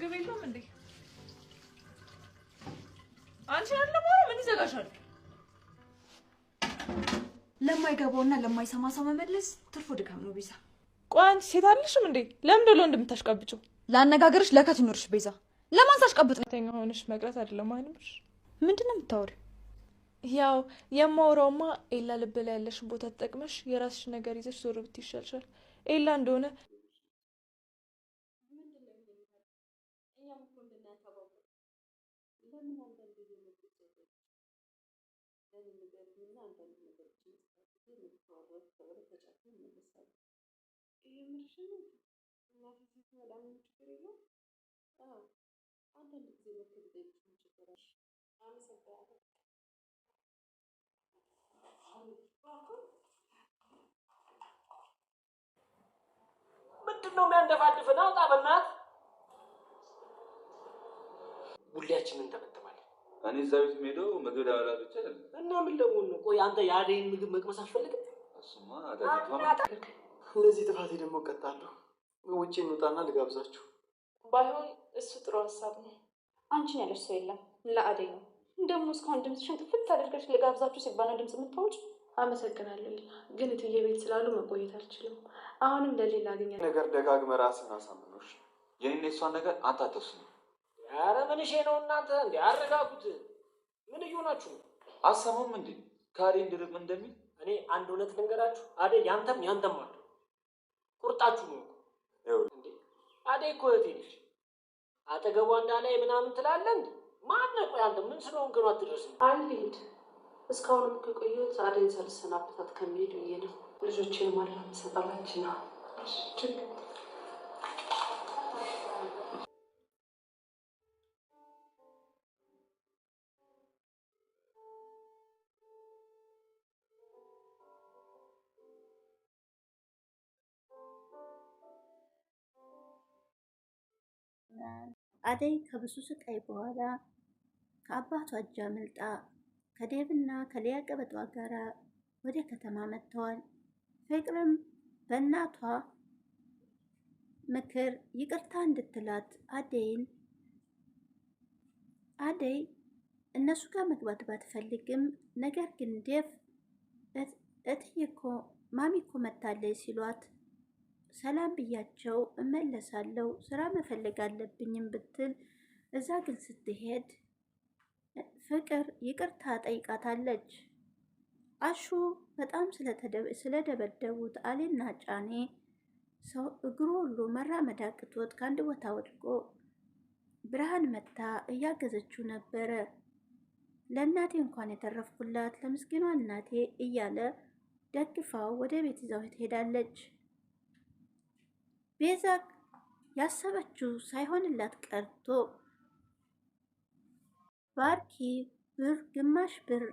ምግብ የለውም እንዴ? አንቺ ያለ ምን ይዘጋሻል? ለማይገባውና ለማይሰማ ሰው መመለስ ትርፉ ድካም ነው። ቤዛ ቆይ አንቺ ሴት አለሽም እንዴ? ለምን ደሎ እንደምታሽቀብጪው? ለአነጋገርሽ ለከት ይኖርሽ ቤዛ። ለማን ሳሽቀብጥ ነው ሆነሽ መቅረት አይደለም አይኖርሽ። ምንድን ነው የምታወሪው? ያው የማወራውማ ኤላ ልብ ላይ ያለሽን ቦታ ተጠቅመሽ የራስሽ ነገር ይዘሽ ዞር ብትይ ይሻልሻል። ኤላ እንደሆነ እኛም እኮ እንድናያታጓጉት ለምን አንዳንድ ጊዜ ምግብ ሴቶች ለምን የሚገርምና አንዳንድ ነገሮች መስራት ጊዜ ምግብ ተብለው ይመለሳሉ። ይሄ ምርሽ ነው እናት ስትበላ ምን ችግር የለም። አንዳንድ ጊዜ ምግብ ቤት አመሰግናለሁ። ምንድን ነው የሚያንደፋድፍን? አውጣ በእናትህ ሁላችንም እንተበተባለን። እኔ እዛ ቤት የምሄደው ምግብ ላበላ ብቻ እና ምን ለመሆን ነው? ቆይ አንተ የአደይን ምግብ መቅመስ አትፈልግም? ለዚህ ጥፋቴ ደግሞ እቀጣለሁ። ውጭ እንውጣና ልጋብዛችሁ። ባይሆን እሱ ጥሩ ሀሳብ ነው። አንቺን ያለች ሰው የለም ለአደይ ነው። ደግሞ እስካሁን ድምፅሽን ጥፍት አድርገሽ ልጋብዛችሁ ሲባል ድምፅ የምታወጭ አመሰግናለሁ ግን እትዬ ቤት ስላሉ መቆየት አልችልም። አሁንም ለሌላ አገኛ ነገር ደጋግመ ራስን አሳምኖች የኔ እሷን ነገር አታተሱ አረ ምን ነው እናንተ እንዴ? አረጋጉት። ምን እየሆናችሁ ነው? አሰሙም እንዴ ካሪ ድርብ እንደሚል እኔ አንድ እውነት ልንገራችሁ። አዴ ያንተም ያንተም አለ ቁርጣችሁ ነው እንዴ? አዴ እኮ እህቴ ነች። አጠገቧ እንዳላይ ምናምን ትላለ እንዴ? ማነው ቆይ አንተ ምን ስለሆንክ ነው አትደርስ አልሄድ እስካሁንም ከቆየሁት አደን ሳልሰናበታት ከሚሄድ ብዬ ነው። ልጆቼን ማለት ሰጠላችና ችግር አደይ ከብዙ ስቃይ በኋላ ከአባቷ እጅ አመልጣ ከዴብና ከሊያ ቀበጧ ጋር ወደ ከተማ መጥተዋል። ፍቅርም በእናቷ ምክር ይቅርታ እንድትላት አደይን አደይ እነሱ ጋር መግባት ባትፈልግም ነገር ግን ዴቭ እትዬ እኮ ማሚ እኮ መታለች ሲሏት ሰላም ብያቸው እመለሳለሁ ስራ መፈለግ አለብኝም ብትል እዛ ግን ስትሄድ ፍቅር ይቅርታ ጠይቃታለች። አሹ በጣም ስለደበደቡት አሌና ጫኔ ሰው እግሩ ሁሉ መራመድ አቅቶት ከአንድ ቦታ ወድቆ ብርሃን መታ እያገዘችው ነበረ። ለእናቴ እንኳን የተረፍኩላት ለምስኪኗ እናቴ እያለ ደግፋው ወደ ቤት ይዛው ትሄዳለች። ቤዛ ያሰበችው ሳይሆንላት ቀርቶ ባርኪ ብር ግማሽ ብር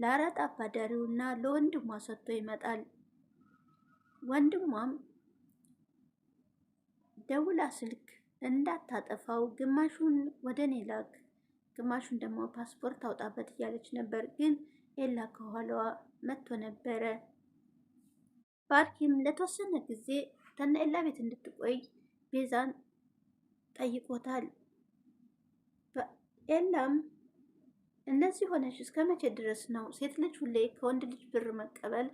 ለአራት አባዳሪውና ለወንድሟ ሰጥቶ ይመጣል። ወንድሟም ደውላ ስልክ እንዳታጠፋው ግማሹን ወደ እኔ ላክ፣ ግማሹን ደግሞ ፓስፖርት አውጣበት እያለች ነበር። ግን ኤላ ከኋላዋ መጥቶ ነበረ። ባርኪም ለተወሰነ ጊዜ ከነ ኤላ ቤት እንድትቆይ ቤዛን ጠይቆታል። ኤላም እንደዚህ ሆነች እስከ መቼ ድረስ ነው ሴት ልጅ ሁሌ ከወንድ ልጅ ብር መቀበል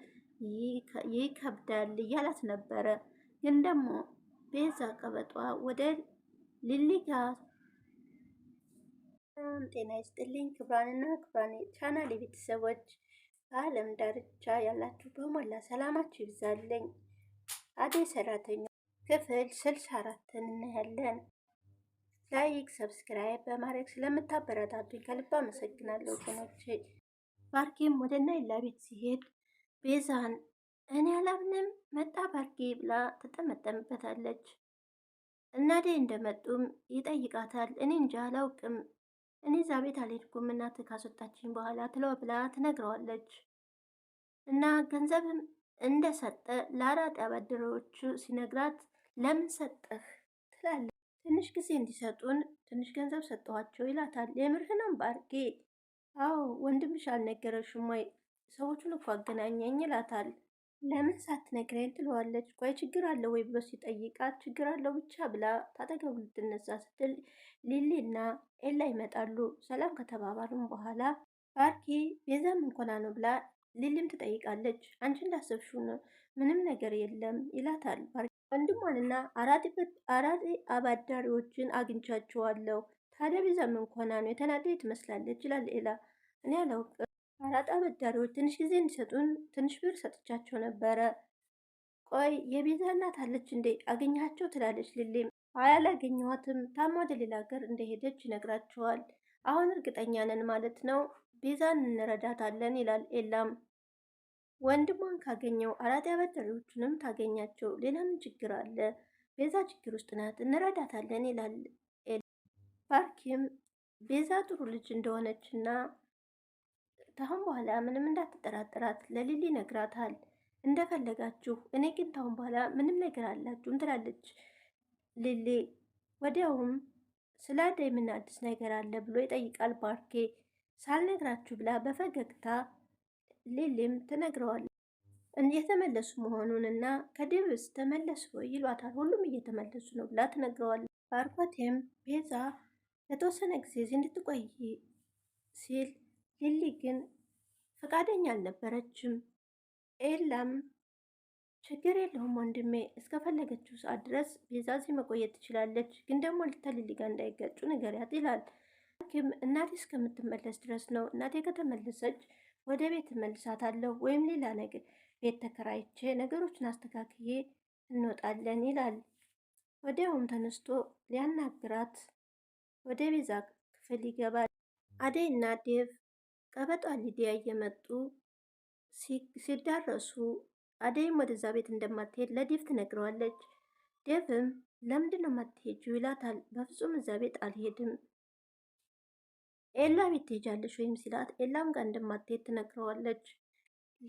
ይከብዳል እያላት ነበረ። ግን ደግሞ ቤዛ ቀበጧ ወደ ሊሊጋ ጤና ይስጥልኝ ክብራንና ክብራን ቻናል የቤተሰቦች በአለም ዳርቻ ያላችሁ በሞላ ሰላማችሁ ይብዛልኝ። አደይ ሰራተኛ ክፍል 64ን እናያለን። ላይክ ሰብስክራይብ በማድረግ ስለምታበረታቱኝ ከልብ አመሰግናለሁ ወገኖቼ። ባርኬም ወደ ናይላ ቤት ሲሄድ ቤዛን እኔ አላምንም መጣ ባርኬ ብላ ትጠመጠምበታለች። እናዴ እንደመጡም ይጠይቃታል። እኔ እንጃ አላውቅም፣ እኔ እዛ ቤት አልሄድኩም እናት ካስወጣችኝ በኋላ ትለው ብላ ትነግረዋለች። እና ገንዘብም እንደሰጠ ለአራጣ አበዳሪዎቹ ሲነግራት ለምን ሰጠህ ትላለች። ትንሽ ጊዜ እንዲሰጡን ትንሽ ገንዘብ ሰጠኋቸው ይላታል። የምርህንም ባርጌ አዎ ወንድምሽ አልነገረሽም ወይ? ሰዎቹን እኮ አገናኘኝ ይላታል። ለምን ሳትነግረኝ ትለዋለች። ቆይ ችግር አለ ወይ ብሎ ሲጠይቃት ችግር አለው ብቻ ብላ ታጠገቡ ልትነሳ ስትል ሊሊና ኤላ ይመጣሉ። ሰላም ከተባባሉም በኋላ ባርኬ ቤዛም እንኮና ነው ብላ ሊልም ትጠይቃለች። አንቺ እንዳሰብሽው ነው፣ ምንም ነገር የለም ይላታል። ወንድሟንና አራት አባዳሪዎችን አግኝቻቸዋለሁ። ታዲያ ቤዛ ምን ነው የተናደደ ትመስላለች ይላል ሌላ። እኔ አላውቅም። አራት አበዳሪዎች ትንሽ ጊዜ እንዲሰጡን ትንሽ ብር ሰጥቻቸው ነበረ። ቆይ የቤዛ እናት አለች እንዴ? አገኛቸው ትላለች ሊሌም። አይ አላገኘኋትም፣ ታማ ወደ ሌላ ሀገር እንደሄደች ይነግራቸዋል። አሁን እርግጠኛ ነን ማለት ነው ቤዛን እንረዳታለን ይላል ኤላም። ወንድሟን ካገኘው አራት ያበዳሪዎቹንም ታገኛቸው። ሌላ ምን ችግር አለ? ቤዛ ችግር ውስጥ ናት፣ እንረዳታለን ይላል ፓርኪም። ቤዛ ጥሩ ልጅ እንደሆነች እና ታሁን በኋላ ምንም እንዳትጠራጠራት ለሊሊ ነግራታል። እንደፈለጋችሁ እኔ ግን ታሁን በኋላ ምንም ነገር አላችሁም ትላለች ሊሊ። ወዲያውም ስለ አደይ ምን አዲስ ነገር አለ ብሎ ይጠይቃል ፓርኬ። ሳልነግራችሁ ብላ በፈገግታ ሊሊም ትነግረዋለች መሆኑን እና ከድብስ ተመለሱ ይሏታል። ሁሉም እየተመለሱ ነው ብላ ትነግረዋለች። ባርኮቴም ቤዛ ለተወሰነ ጊዜ እዚህ እንድትቆይ ሲል ሊሊ ግን ፈቃደኛ አልነበረችም። ኤላም ችግር የለውም ወንድሜ፣ እስከፈለገችው ሰዓት ድረስ ቤዛ እዚህ መቆየት ትችላለች፣ ግን ደግሞ ልታ ሊሊ ነገር እንዳይጋጩ ንገሪያት ይላል። ኪም እናቴ እስከምትመለስ ድረስ ነው። እናቴ ከተመለሰች ወደ ቤት እመልሳታለሁ ወይም ሌላ ነገር ቤት ተከራይቼ ነገሮችን አስተካክዬ እንወጣለን ይላል። ወዲያውም ተነስቶ ሊያናግራት ወደ ቤዛ ክፍል ይገባል። አደይ እና ዴቭ ቀበጧ ሊዲያ እየመጡ ሲዳረሱ አደይም ወደዛ ቤት እንደማትሄድ ለዴቭ ትነግረዋለች። ዴቭም ለምንድን ነው የማትሄጂው ይላታል። በፍጹም እዛ ቤት አልሄድም ኤላ ቤት ትሄጃለሽ ወይም ሲላት ኤላም ጋር እንደማትሄድ ትነግረዋለች።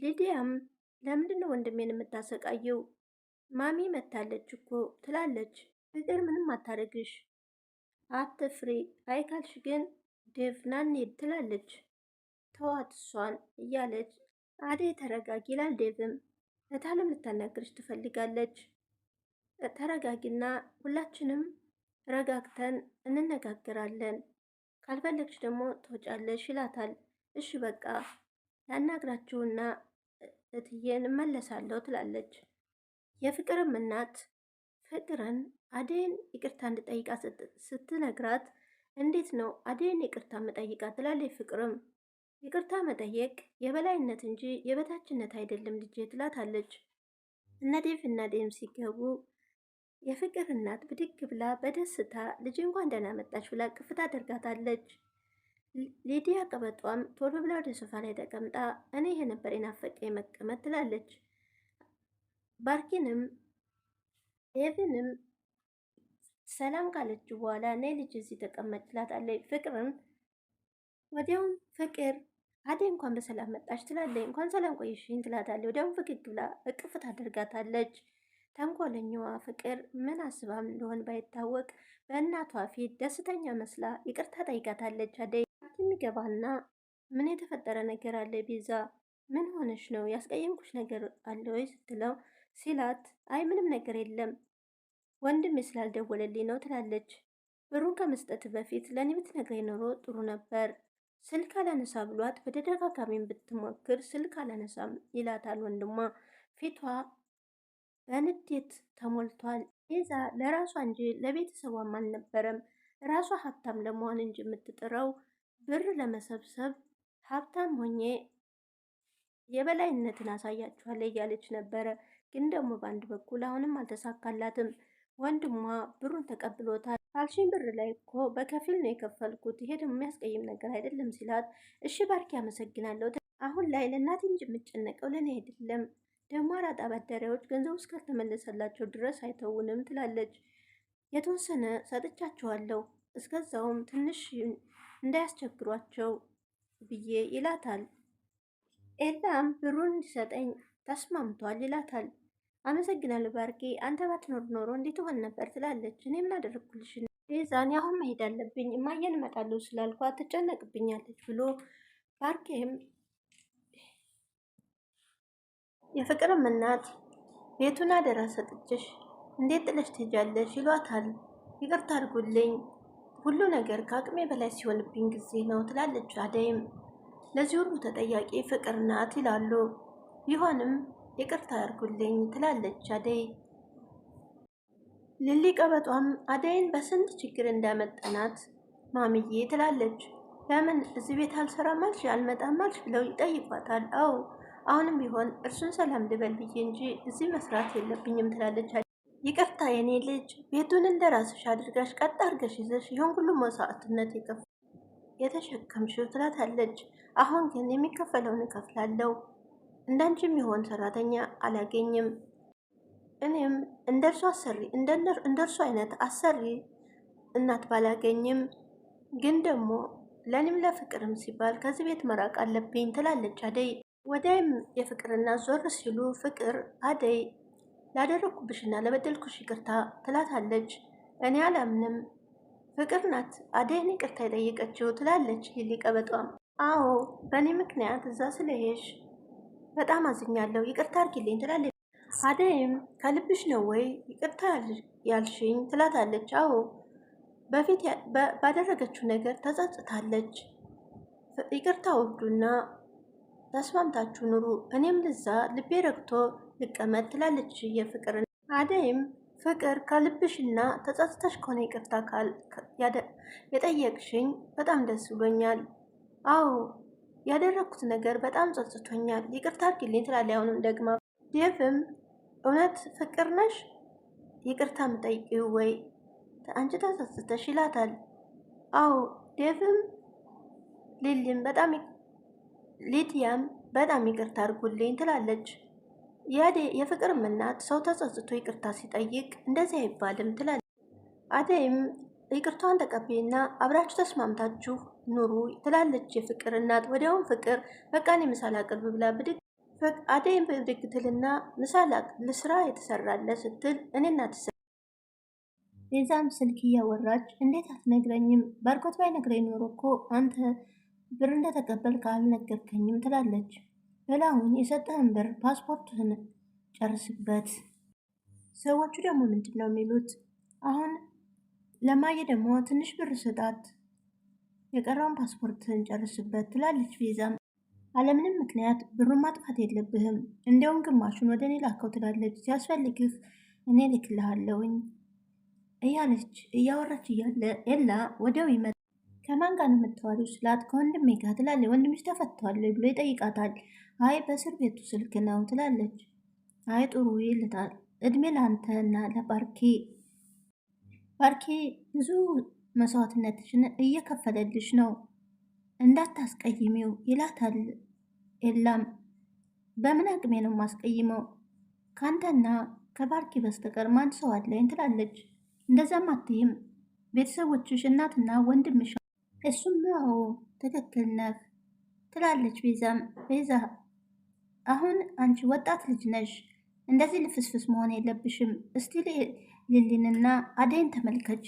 ሊዲያም ለምንድን ነው ወንድሜን የምታሰቃየው? ማሚ መታለች እኮ ትላለች። ፍቅር ምንም አታደርግሽ፣ አትፍሪ፣ አይካልሽ ግን ዴቭናን ሄድ ትላለች። ተዋት እሷን እያለች አደይ ተረጋጊ ይላል ዴቭም። እታለም ልታናግርሽ ትፈልጋለች። ተረጋጊና ሁላችንም ረጋግተን እንነጋገራለን ካልፈለግሽ ደግሞ ትወጫለሽ ይላታል። እሺ በቃ ላናግራችሁና እትዬን እመለሳለሁ ትላለች። የፍቅርም እናት ፍቅርን አደይን ይቅርታ እንድጠይቃት ስትነግራት እንዴት ነው አደይን ይቅርታ መጠይቃት ትላለች። ፍቅርም ይቅርታ መጠየቅ የበላይነት እንጂ የበታችነት አይደለም ልጄ ትላታለች። እነ ዴቭ እና ዴም ሲገቡ የፍቅር እናት ብድግ ብላ በደስታ ልጅ እንኳን ደህና መጣች ብላ ቅፍታ አደርጋታለች። ሊዲያ ቀበጧም ቶሎ ብላ ወደ ሶፋ ላይ ተቀምጣ እኔ ይሄ ነበር የናፈቀ መቀመጥ ትላለች። ባርኪንም ኤቭንም ሰላም ካለች በኋላ ነይ ልጅ እዚህ ተቀመጥ ትላታለች። ፍቅርም ወዲያውም ፍቅር አዴ እንኳን በሰላም መጣች ትላለች። እንኳን ሰላም ቆይሽኝ ትላታለች። ወዲያውም ፈገግ ብላ እቅፍት አደርጋታለች። ተንኮለኛዋ ፍቅር ምን አስባም እንደሆን ባይታወቅ በእናቷ ፊት ደስተኛ መስላ ይቅርታ ጠይቃታለች። አደይ የሚገባና ምን የተፈጠረ ነገር አለ ቤዛ፣ ምን ሆነሽ ነው ያስቀየምኩሽ ነገር አለ ወይ ስትለው ሲላት፣ አይ ምንም ነገር የለም ወንድሜ ስላልደወለልኝ ነው ትላለች። ብሩን ከመስጠት በፊት ለእኔ ብትነግረኝ ኖሮ ጥሩ ነበር። ስልክ አላነሳ ብሏት በተደጋጋሚም ብትሞክር ስልክ አላነሳም ይላታል ወንድሟ ፊቷ በንዴት ተሞልቷል። ቤዛ ለራሷ እንጂ ለቤተሰቧም አልነበረም። ራሷ ሀብታም ለመሆን እንጂ የምትጥረው ብር ለመሰብሰብ ሀብታም ሆኜ የበላይነትን አሳያችኋለ እያለች ነበረ። ግን ደግሞ በአንድ በኩል አሁንም አልተሳካላትም። ወንድሟ ብሩን ተቀብሎታል። ፋልሽን ብር ላይ እኮ በከፊል ነው የከፈልኩት፣ ይሄ ደግሞ የሚያስቀይም ነገር አይደለም ሲላት፣ እሺ ባርኪ አመሰግናለሁ፣ አሁን ላይ ለእናቴ እንጂ የምጨነቀው ለእኔ አይደለም ደግሞ አራጣ አበዳሪዎች ገንዘቡ እስካልተመለሰላቸው ድረስ አይተውንም ትላለች። የተወሰነ ሰጥቻቸዋለሁ እስከዛውም ትንሽ እንዳያስቸግሯቸው ብዬ ይላታል። ኤላም ብሩን እንዲሰጠኝ ተስማምቷል ይላታል። አመሰግናለሁ ባርኬ፣ አንተ ባትኖር ኖሮ እንዴት ሆን ነበር ትላለች። እኔ ምን አደረግኩልሽ? ቤዛን አሁን መሄድ አለብኝ እማየን እመጣለሁ ስላልኳ ትጨነቅብኛለች ብሎ ባርኬም የፍቅርም እናት ቤቱን አደራ ሰጥችሽ እንዴት ጥለሽ ትሄጃለሽ? ይሏታል። ይቅርታ አድርጉልኝ ሁሉ ነገር ከአቅሜ በላይ ሲሆንብኝ ጊዜ ነው ትላለች። አደይም ለዚህ ሁሉ ተጠያቂ ፍቅር ናት ይላሉ። ቢሆንም ይቅርታ አድርጉልኝ ትላለች አደይ። ልሊ ቀበጧም አደይን በስንት ችግር እንዳመጠናት ማምዬ ትላለች። ለምን እዚህ ቤት አልሰራም አልሽ አልመጣም አልሽ ብለው ይጠይቋታል። አው አሁንም ቢሆን እርሱን ሰላም ልበል ብዬ እንጂ እዚህ መስራት የለብኝም ትላለች። ይቅርታ የኔ ልጅ፣ ቤቱን እንደ ራስሽ አድርጋሽ ቀጥ አድርገሽ ይዘሽ ይሁን ሁሉ መስዋዕትነት የከፍ የተሸከምሽው ትላታለች። አሁን ግን የሚከፈለውን እከፍላለሁ። እንዳንቺም የሆን ሰራተኛ አላገኝም። እኔም እንደርሱ አሰሪ እንደርሱ አይነት አሰሪ እናት ባላገኝም ግን ደግሞ ለእኔም ለፍቅርም ሲባል ከዚህ ቤት መራቅ አለብኝ ትላለች አደይ ወዲያም የፍቅርና ዞር ሲሉ ፍቅር አደይ ላደረግኩብሽና ለበደልኩሽ ይቅርታ ትላታለች። እኔ አላምንም ፍቅር ናት አደይን ይቅርታ የጠየቀችው ትላለች ሊሊ ቀበጧም። አዎ በእኔ ምክንያት እዛ ስለሄሽ በጣም አዝኛለሁ ይቅርታ አድርጊልኝ ትላለች። አደይም ከልብሽ ነው ወይ ይቅርታ ያልሽኝ ትላታለች። አዎ በፊት ባደረገችው ነገር ተጸጽታለች። ይቅርታ ወርዱና ተስማምታችሁ ኑሩ፣ እኔም ልዛ ልቤ ረግቶ ልቀመጥ ትላለች የፍቅር አደይም ፍቅር ከልብሽና ተጸጽተሽ ከሆነ ይቅርታ ካል የጠየቅሽኝ በጣም ደስ ብሎኛል። አዎ ያደረግኩት ነገር በጣም ጸጽቶኛል፣ ይቅርታ አድርጊልኝ ትላለ አሁንም ደግማ ዴቭም እውነት ፍቅር ነሽ ይቅርታ ምጠይቅ ወይ አንቺ ተጸጽተሽ ይላታል። አዎ ዴቭም ሊልም በጣም ሊዲያም በጣም ይቅርታ አድርጉልኝ ትላለች። የፍቅርም እናት ሰው ተጸጽቶ ይቅርታ ሲጠይቅ እንደዚህ አይባልም ትላለች። አደይም ይቅርቷን ተቀቤና አብራችሁ ተስማምታችሁ ኑሩ ትላለች የፍቅር እናት። ወዲያውም ፍቅር በቃኔ ምሳል አቅርብ ብላ ብድግ አደይም ብድግ ትልና ምሳል ልስራ የተሰራለ ስትል እኔና ትሰ የዛም ስልክ እያወራች እንዴት አትነግረኝም? ባርኮት ባይነግረኝ ኖሮ እኮ አንተ ብር እንደተቀበል አልነገርከኝም ትላለች። በላሁን የሰጠህን ብር ፓስፖርትህን ጨርስበት። ሰዎቹ ደግሞ ምንድን ነው የሚሉት? አሁን ለማየ ደግሞ ትንሽ ብር ስጣት፣ የቀረውን ፓስፖርትህን ጨርስበት ትላለች። ቤዛም አለምንም ምክንያት ብሩን ማጥፋት የለብህም እንዲያውም ግማሹን ወደ እኔ ላከው ትላለች። ሲያስፈልግህ እኔ ልክልሃለውኝ እያለች እያወራች እያለ ኤላ ወዲያው ይመጣል። ከማን ጋር ነው የምታወሪው ስላት ከወንድሜ ጋር ትላለች። ወንድምሽ ተፈቷል ብሎ ይጠይቃታል። አይ በእስር ቤቱ ስልክ ነው ትላለች። አይ ጥሩ ይልታል። እድሜ ለአንተ እና ለባርኬ። ባርኬ ብዙ መስዋዕትነትሽን እየከፈለልሽ ነው እንዳታስቀይሚው ይላታል። የላም በምን አቅሜ ነው ማስቀይመው? ከአንተና ከባርኬ በስተቀር ማን ሰው አለኝ ትላለች። እንደዛም አትይም ቤተሰቦችሽ እናትና ወንድምሽ እሱም አዎ ትክክል ነህ ትላለች ቤዛም። ቤዛ አሁን አንቺ ወጣት ልጅ ነሽ፣ እንደዚህ ልፍስፍስ መሆን የለብሽም። እስቲ ሊሊንና አደይን ተመልከቺ፣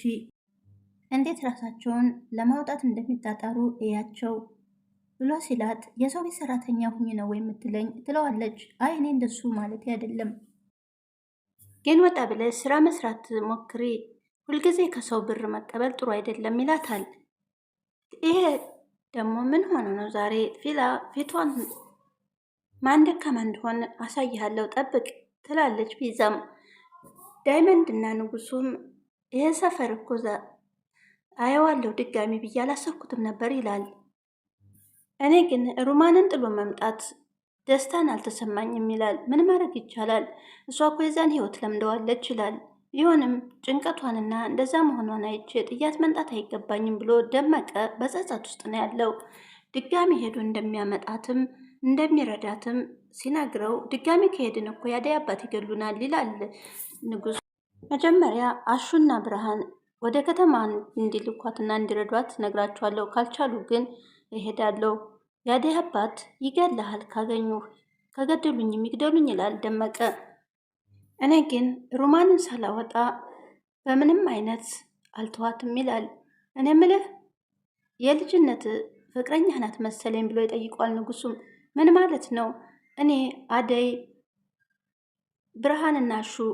እንዴት ራሳቸውን ለማውጣት እንደሚጣጣሩ እያቸው ብሎ ሲላት የሰው ቤት ሰራተኛ ሁኝ ነው የምትለኝ ትለዋለች። አይ እኔ እንደሱ ማለት አይደለም፣ ግን ወጣ ብለሽ ስራ መስራት ሞክሪ፣ ሁልጊዜ ከሰው ብር መቀበል ጥሩ አይደለም ይላታል። ይሄ ደግሞ ምን ሆኖ ነው ዛሬ ፊቷን ማን ደካማ እንደሆነ አሳይሃለሁ፣ ጠብቅ ትላለች ቪዛም። ዳይመንድ እና ንጉሱም ይህ ሰፈር እኮ አየዋለሁ ድጋሚ ብዬ አላሰብኩትም ነበር ይላል። እኔ ግን ሩማንን ጥሎ መምጣት ደስታን አልተሰማኝም ይላል። ምን ማድረግ ይቻላል? እሷ እኮ የዛን ህይወት ለምደዋለች ይላል። ይሁንም ጭንቀቷንና እንደዛ መሆኗን አይቼ ጥያት መንጣት አይገባኝም ብሎ ደመቀ በጸጸት ውስጥ ነው ያለው። ድጋሚ ሄዱ እንደሚያመጣትም እንደሚረዳትም ሲነግረው ድጋሚ ከሄድን እኮ ያደይ አባት ይገሉናል ይላል ንጉስ። መጀመሪያ አሹና ብርሃን ወደ ከተማ እንዲልኳትና እንዲረዷት ነግራቸዋለሁ። ካልቻሉ ግን እሄዳለሁ። ያደይ አባት ይገላሃል፣ ካገኙ ከገደሉኝም ይግደሉኝ ይላል ደመቀ። እኔ ግን ሮማንን ሳላወጣ በምንም አይነት አልተዋትም ይላል። እኔ ምልህ የልጅነት ፍቅረኛ ናት መሰለኝ ብሎ ይጠይቋል። ንጉሱም ምን ማለት ነው? እኔ አደይ፣ ብርሃንና ሹ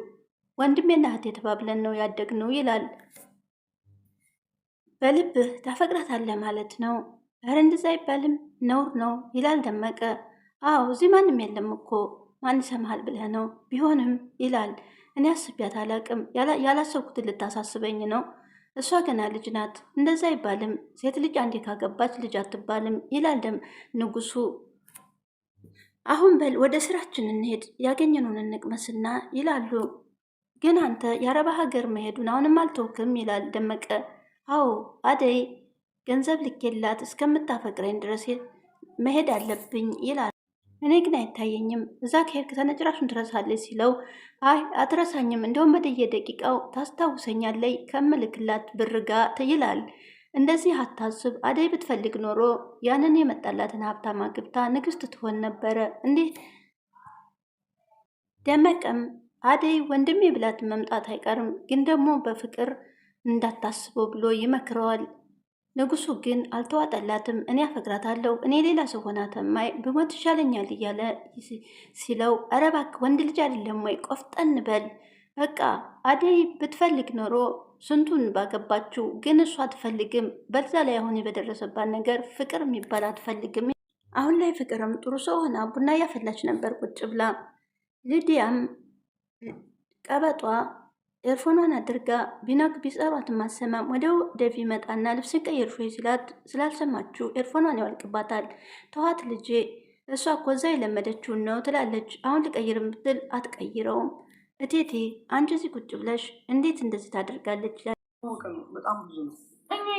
ወንድሜና እህቴ ተባብለን ነው ያደግነው ይላል። በልብህ ታፈቅራታለህ ማለት ነው? ኧረ እንደዛ አይባልም ነውር ነው ይላል ደመቀ። አዎ እዚህ ማንም የለም እኮ ማን ይሰማሃል ብለህ ነው ቢሆንም ይላል። እኔ አስቤያት አላቅም። ያላሰብኩትን ልታሳስበኝ ነው። እሷ ገና ልጅ ናት፣ እንደዛ አይባልም። ሴት ልጅ አንዴ ካገባች ልጅ አትባልም ደም ንጉሱ። አሁን በል ወደ ስራችን እንሄድ፣ ያገኘነውን እንቅመስና ይላሉ። ግን አንተ የአረባ ሀገር መሄዱን አሁንም አልተውክም ይላል ደመቀ። አዎ አደይ ገንዘብ ልኬላት እስከምታፈቅረኝ ድረስ መሄድ አለብኝ ይላል። እኔ ግን አይታየኝም። እዛ ከሄድክ ተነጭራሹን ትረሳለች ሲለው አይ አትረሳኝም፣ እንደውም ደቂቃው ታስታውሰኛለይ ከምልክላት ብር ጋር ትይላል። እንደዚህ አታስብ፣ አደይ ብትፈልግ ኖሮ ያንን የመጣላትን ሀብታም አግብታ ንግስት ትሆን ነበረ። እንዲህ ደመቀም አደይ ወንድሜ ብላት መምጣት አይቀርም፣ ግን ደግሞ በፍቅር እንዳታስበው ብሎ ይመክረዋል። ንጉሱ ግን አልተዋጠላትም። እኔ አፈቅራታለሁ፣ እኔ ሌላ ሰው ሆና ተማይ ብሞት ይሻለኛል እያለ ሲለው፣ ኧረ እባክህ ወንድ ልጅ አይደለም ወይ ቆፍጠን በል በቃ። አደይ ብትፈልግ ኖሮ ስንቱን ባገባችው፣ ግን እሱ አትፈልግም። በዛ ላይ አሁን በደረሰባት ነገር ፍቅር የሚባል አትፈልግም። አሁን ላይ ፍቅርም ጥሩ ሰው ሆና ቡና እያፈላች ነበር ቁጭ ብላ። ልዲያም ቀበጧ ኤርፎኗን አድርጋ ቢናክ ቢጸሯትም ማሰማም ወደው ደቪ መጣና ልብስ ቀይርፎ ሲላት ስላልሰማችሁ ኤርፎኗን ያወልቅባታል። ተዋት ልጄ፣ እሷ አኮዛ የለመደችውን ነው ትላለች። አሁን ልቀይር ብትል አትቀይረውም። እቴቴ አንቺ እዚህ ቁጭ ብለሽ እንዴት እንደዚህ ታደርጋለች? በጣም ብዙ ነው